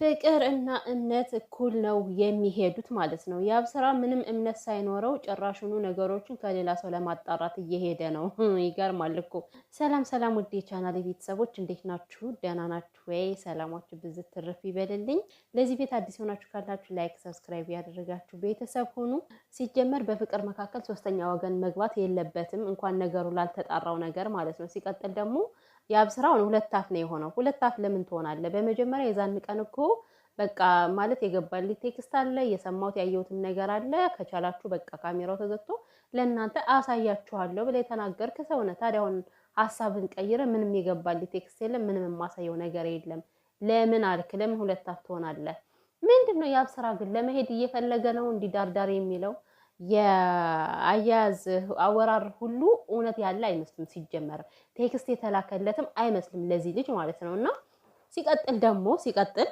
ፍቅር እና እምነት እኩል ነው የሚሄዱት ማለት ነው። ያብ ስራ ምንም እምነት ሳይኖረው ጭራሽኑ ነገሮችን ከሌላ ሰው ለማጣራት እየሄደ ነው። ይገርማል እኮ። ሰላም ሰላም፣ ውድ የቻናል ቤተሰቦች እንዴት ናችሁ? ደህና ናችሁ ወይ? ሰላማችሁ ብዝት ትርፍ ይበልልኝ። ለዚህ ቤት አዲስ የሆናችሁ ካላችሁ ላይክ፣ ሰብስክራይብ ያደረጋችሁ ቤተሰብ ሁኑ። ሲጀመር በፍቅር መካከል ሶስተኛ ወገን መግባት የለበትም፣ እንኳን ነገሩ ላልተጣራው ነገር ማለት ነው። ሲቀጥል ደግሞ የአብ ስራውን ሁለት አፍ ነው የሆነው። ሁለት አፍ ለምን ትሆናለ? በመጀመሪያ የዛን ቀን እኮ በቃ ማለት የገባልኝ ቴክስት አለ፣ የሰማሁት ያየሁትም ነገር አለ። ከቻላችሁ በቃ ካሜራው ተዘግቶ ለእናንተ አሳያችኋለሁ ብለ የተናገርክ ሰውነ። ታዲያ አሁን ሀሳብን ቀይረ፣ ምንም የገባልኝ ቴክስት የለም፣ ምንም የማሳየው ነገር የለም። ለምን አልክ? ለምን ሁለት አፍ ትሆናለ? ምንድን ነው የአብ ስራ ግን ለመሄድ እየፈለገ ነው እንዲዳርዳር የሚለው የአያያዝ አወራር ሁሉ እውነት ያለ አይመስልም። ሲጀመር ቴክስት የተላከለትም አይመስልም ለዚህ ልጅ ማለት ነው። እና ሲቀጥል ደግሞ ሲቀጥል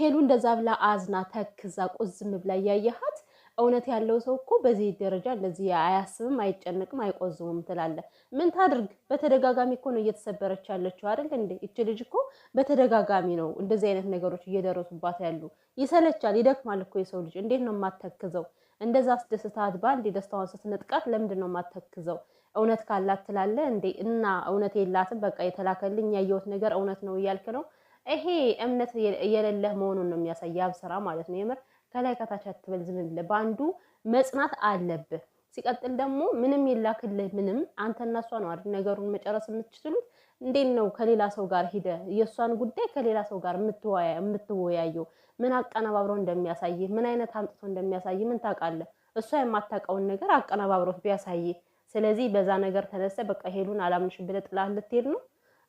ሄሉ እንደዛ ብላ አዝና ተክዛ ቁዝም ብላ እያየሃት እውነት ያለው ሰው እኮ በዚህ ደረጃ እንደዚህ አያስብም፣ አይጨነቅም፣ አይቆዝምም ትላለ። ምን ታድርግ? በተደጋጋሚ እኮ ነው እየተሰበረች ያለችው አይደል እንዴ? ይች ልጅ እኮ በተደጋጋሚ ነው እንደዚህ አይነት ነገሮች እየደረሱባት ያሉ። ይሰለቻል፣ ይደክማል እኮ የሰው ልጅ። እንዴት ነው የማተክዘው? እንደዛ አስደስታት በአንድ ደስታዋን ስትነጥቃት ለምንድን ነው የማተክዘው? እውነት ካላት ትላለ እንዴ? እና እውነት የላትም። በቃ የተላከልኝ ያየሁት ነገር እውነት ነው እያልክ ነው። ይሄ እምነት የሌለህ መሆኑን ነው የሚያሳይ። ያብ ማለት ነው የምር ከላይ ከታች አትበል። ዝም ብለህ በአንዱ መጽናት አለብህ። ሲቀጥል ደግሞ ምንም የላክልህ ምንም አንተና እሷ ነው አይደል ነገሩን መጨረስ የምትችሉት። እንዴት ነው ከሌላ ሰው ጋር ሂደ የእሷን ጉዳይ ከሌላ ሰው ጋር የምትወያየው? ምን አቀነባብሮ እንደሚያሳይ ምን አይነት አምጥቶ እንደሚያሳይ ምን ታውቃለህ? እሷ የማታውቀውን ነገር አቀነባብሮት ቢያሳይ ስለዚህ በዛ ነገር ተነስተ በቃ ሄሉን አላምንሽ ብለህ ጥላህ ልትሄድ ነው።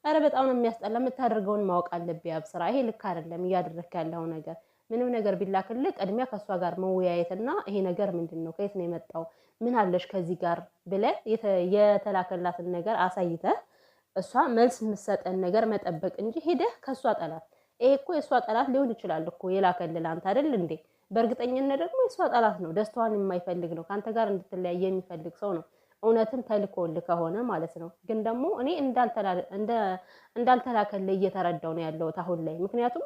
ኧረ በጣም ነው የሚያስጠላ። የምታደርገውን ማወቅ አለብህ ያብስራ ይሄ ልክ አይደለም እያደረክ ያለው ነገር ምንም ነገር ቢላክልህ ቅድሚያ ከእሷ ጋር መወያየትና ይሄ ነገር ምንድን ነው፣ ከየት ነው የመጣው፣ ምን አለሽ ከዚህ ጋር ብለህ የተላከላትን ነገር አሳይተህ እሷ መልስ የምትሰጠን ነገር መጠበቅ እንጂ ሄደህ ከእሷ ጠላት ይሄ እኮ የእሷ ጠላት ሊሆን ይችላል እኮ የላከልል አንተ አይደል እንዴ? በእርግጠኝነት ደግሞ የእሷ ጠላት ነው። ደስታዋን የማይፈልግ ነው። ከአንተ ጋር እንድትለያየ የሚፈልግ ሰው ነው። እውነትም ተልኮል ከሆነ ማለት ነው። ግን ደግሞ እኔ እንዳልተላከል እየተረዳው ነው ያለሁት አሁን ላይ ምክንያቱም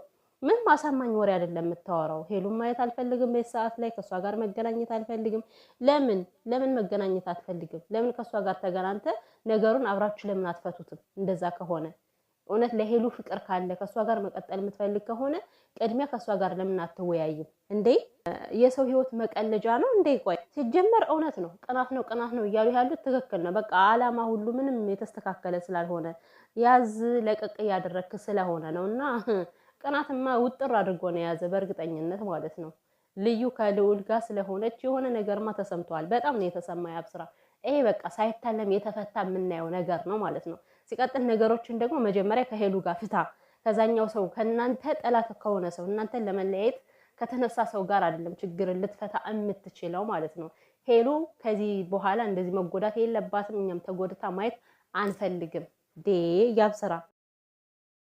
ምንም አሳማኝ ወሬ አይደለም የምታወራው። ሄሉን ማየት አልፈልግም፣ በዚህ ሰዓት ላይ ከእሷ ጋር መገናኘት አልፈልግም። ለምን ለምን መገናኘት አትፈልግም? ለምን ከእሷ ጋር ተገናንተ ነገሩን አብራችሁ ለምን አትፈቱትም? እንደዛ ከሆነ እውነት ለሄሉ ፍቅር ካለ ከእሷ ጋር መቀጠል የምትፈልግ ከሆነ ቅድሚያ ከእሷ ጋር ለምን አትወያይም እንዴ? የሰው ህይወት መቀለጃ ነው እንዴ? ቆይ ሲጀመር እውነት ነው፣ ቅናት ነው፣ ቅናት ነው እያሉ ያሉት ትክክል ነው። በቃ አላማ ሁሉ ምንም የተስተካከለ ስላልሆነ ያዝ ለቀቅ እያደረግክ ስለሆነ ነው እና ቅናትማ ውጥር አድርጎ ነው የያዘ በእርግጠኝነት ማለት ነው። ልዩ ከልዑል ጋር ስለሆነች የሆነ ነገርማ ተሰምተዋል። በጣም ነው የተሰማ ያብስራ። ይሄ በቃ ሳይታለም የተፈታ የምናየው ነገር ነው ማለት ነው። ሲቀጥል ነገሮችን ደግሞ መጀመሪያ ከሄሉ ጋር ፍታ። ከዛኛው ሰው ከእናንተ ጠላት ከሆነ ሰው እናንተን ለመለያየት ከተነሳ ሰው ጋር አይደለም ችግር ልትፈታ የምትችለው ማለት ነው። ሄሉ ከዚህ በኋላ እንደዚህ መጎዳት የለባትም። እኛም ተጎድታ ማየት አንፈልግም። ዴ ያብስራ